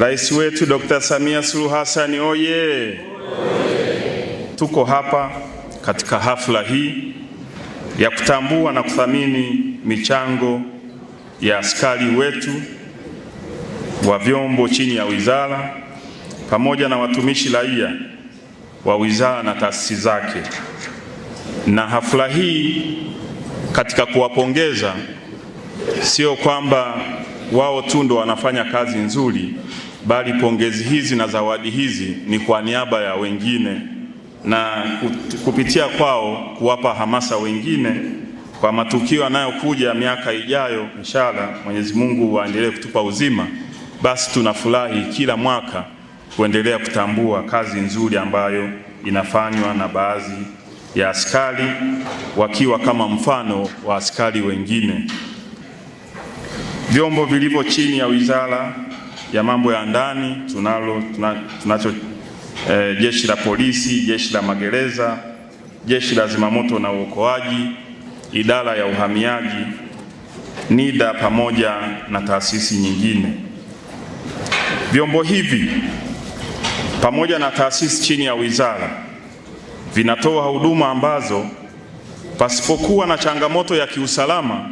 Rais wetu Dr. Samia Suluhu Hassan oye! Tuko hapa katika hafla hii ya kutambua na kuthamini michango ya askari wetu wa vyombo chini ya wizara pamoja na watumishi raia wa wizara na taasisi zake, na hafla hii katika kuwapongeza, sio kwamba wao tu ndo wanafanya kazi nzuri, bali pongezi hizi na zawadi hizi ni kwa niaba ya wengine na kupitia kwao kuwapa hamasa wengine kwa matukio yanayokuja miaka ijayo. Inshallah, Mwenyezi Mungu aendelee kutupa uzima, basi tunafurahi kila mwaka kuendelea kutambua kazi nzuri ambayo inafanywa na baadhi ya askari wakiwa kama mfano wa askari wengine. Vyombo vilivyo chini ya wizara ya mambo ya ndani tunalo tunacho eh, jeshi la polisi, jeshi la magereza, jeshi la zimamoto na uokoaji, idara ya uhamiaji, NIDA pamoja na taasisi nyingine. Vyombo hivi pamoja na taasisi chini ya wizara vinatoa huduma ambazo pasipokuwa na changamoto ya kiusalama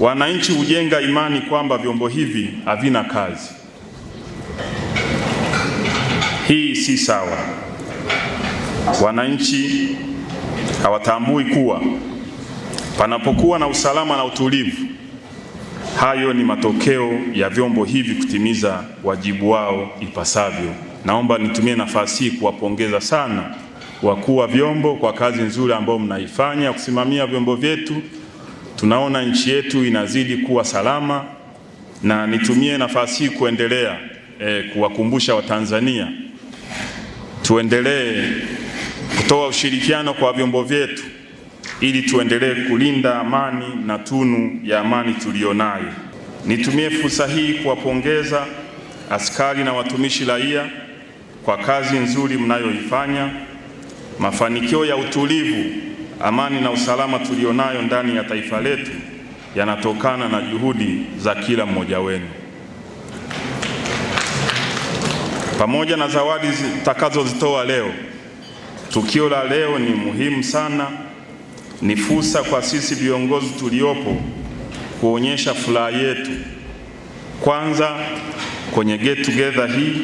Wananchi hujenga imani kwamba vyombo hivi havina kazi. Hii si sawa. Wananchi hawatambui kuwa panapokuwa na usalama na utulivu, hayo ni matokeo ya vyombo hivi kutimiza wajibu wao ipasavyo. Naomba nitumie nafasi hii kuwapongeza sana wakuu wa vyombo kwa kazi nzuri ambayo mnaifanya kusimamia vyombo vyetu. Tunaona nchi yetu inazidi kuwa salama, na nitumie nafasi hii kuendelea e, kuwakumbusha Watanzania tuendelee kutoa ushirikiano kwa vyombo vyetu ili tuendelee kulinda amani na tunu ya amani tuliyonayo. Nitumie fursa hii kuwapongeza askari na watumishi raia kwa kazi nzuri mnayoifanya. Mafanikio ya utulivu Amani na usalama tulionayo ndani ya taifa letu yanatokana na juhudi za kila mmoja wenu. Pamoja na zawadi zitakazozitoa leo, tukio la leo ni muhimu sana. Ni fursa kwa sisi viongozi tuliopo kuonyesha furaha yetu kwanza kwenye get together hii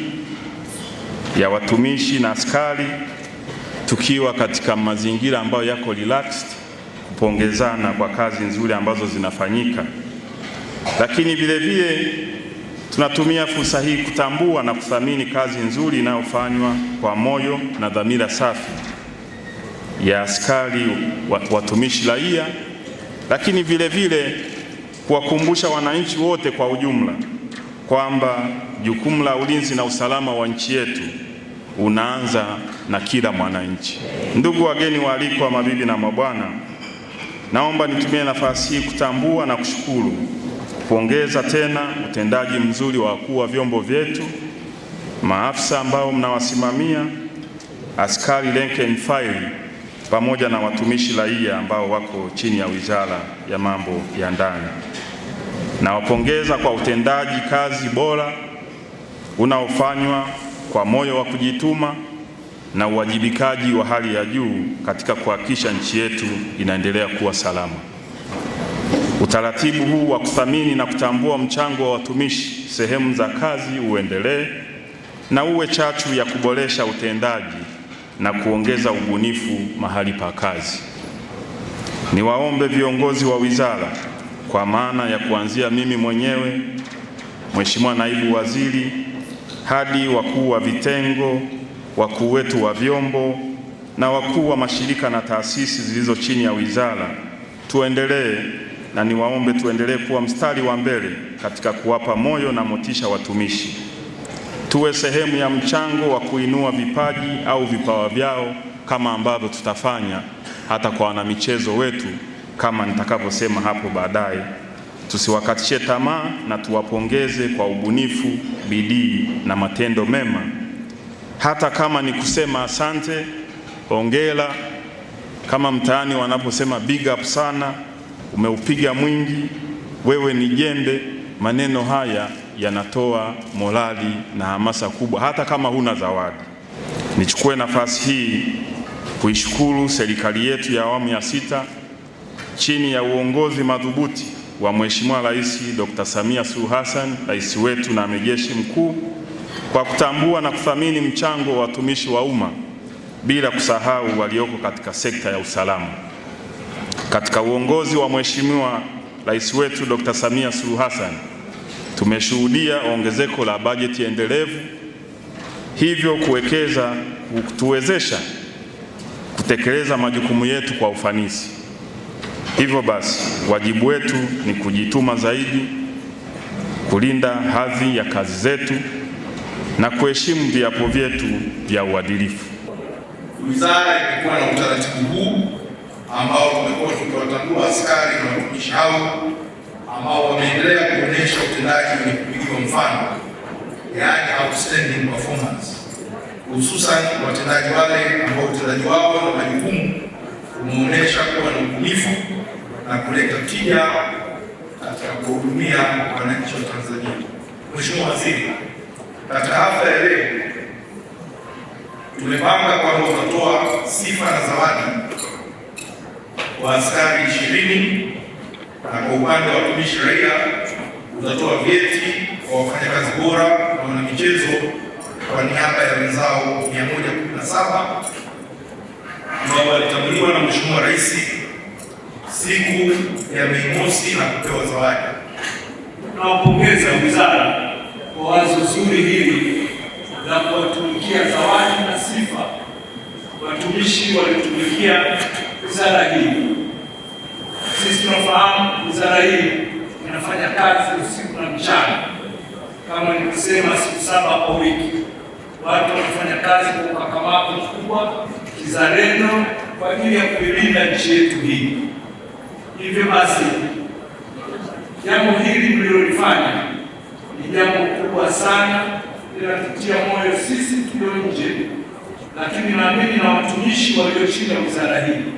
ya watumishi na askari tukiwa katika mazingira ambayo yako relaxed, kupongezana kwa kazi nzuri ambazo zinafanyika, lakini vile vile tunatumia fursa hii kutambua na kuthamini kazi nzuri inayofanywa kwa moyo na dhamira safi ya askari watumishi raia, lakini vile vile kuwakumbusha wananchi wote kwa ujumla kwamba jukumu la ulinzi na usalama wa nchi yetu unaanza na kila mwananchi. Ndugu wageni waalikwa, mabibi na mabwana, naomba nitumie nafasi hii kutambua na kushukuru, kupongeza tena utendaji mzuri wa wakuu wa vyombo vyetu, maafisa ambao mnawasimamia, askari rank and file, pamoja na watumishi raia ambao wako chini ya Wizara ya Mambo ya Ndani. Nawapongeza kwa utendaji kazi bora unaofanywa kwa moyo wa kujituma na uwajibikaji wa hali ya juu katika kuhakikisha nchi yetu inaendelea kuwa salama. Utaratibu huu wa kuthamini na kutambua mchango wa watumishi sehemu za kazi uendelee na uwe chachu ya kuboresha utendaji na kuongeza ubunifu mahali pa kazi. Niwaombe viongozi wa wizara, kwa maana ya kuanzia mimi mwenyewe, Mheshimiwa Naibu Waziri hadi wakuu wa vitengo, wakuu wetu wa vyombo na wakuu wa mashirika na taasisi zilizo chini ya wizara, tuendelee na niwaombe tuendelee kuwa mstari wa mbele katika kuwapa moyo na motisha watumishi. Tuwe sehemu ya mchango wa kuinua vipaji au vipawa vyao kama ambavyo tutafanya hata kwa wanamichezo wetu kama nitakavyosema hapo baadaye. Tusiwakatishe tamaa na tuwapongeze kwa ubunifu, bidii na matendo mema, hata kama ni kusema asante, hongera, kama mtaani wanaposema big up sana, umeupiga mwingi, wewe ni jembe. Maneno haya yanatoa morali na hamasa kubwa, hata kama huna zawadi. Nichukue nafasi hii kuishukuru serikali yetu ya awamu ya sita chini ya uongozi madhubuti wa Mheshimiwa Rais Dr. Samia Suluhu Hassan, rais wetu na amejeshi mkuu, kwa kutambua na kuthamini mchango wa watumishi wa umma bila kusahau walioko katika sekta ya usalama. Katika uongozi wa Mheshimiwa Rais wetu Dr. Samia Suluhu Hassan tumeshuhudia ongezeko la bajeti endelevu, hivyo kuwekeza kutuwezesha kutekeleza majukumu yetu kwa ufanisi. Hivyo basi, wajibu wetu ni kujituma zaidi, kulinda hadhi ya kazi zetu na kuheshimu viapo vyetu vya uadilifu. Wizara imekuwa na utaratibu huu ambao tumekuwa tukiwatambua askari na watumishi hao ambao wameendelea kuonyesha utendaji wenye kupigiwa mfano, yaani outstanding performance, hususan watendaji wale ambao utendaji wao na majukumu umeonyesha kuwa na ubunifu na kuleta tija katika kuhudumia wananchi wa Tanzania. Mheshimiwa Waziri, katika hafla ya leo tumepanga kwamba utatoa sifa na zawadi kwa askari ishirini na kwa upande wa watumishi raia utatoa vyeti kwa wafanyakazi bora na wanamichezo kwa niaba ya wenzao 117 ambao walitambuliwa na Mheshimiwa Rais siku ya Mei Mosi na kupewa zawadi. Nawapongeza wizara kwa wazo zuri hili la kuwatumikia zawadi na sifa watumishi waliotumikia wizara hii. Sisi tunafahamu wizara hii inafanya kazi usiku na mchana, kama nilivyosema, siku saba kwa wiki. Watu wanafanya kazi kwa ukakamavu mkubwa, kizalendo, kwa ajili ya kuilinda nchi yetu hii. Hivyo basi jambo hili mlilolifanya ni jambo kubwa sana, linatutia moyo sisi tulio nje, lakini naamini na watumishi waliochini ya wizara hii.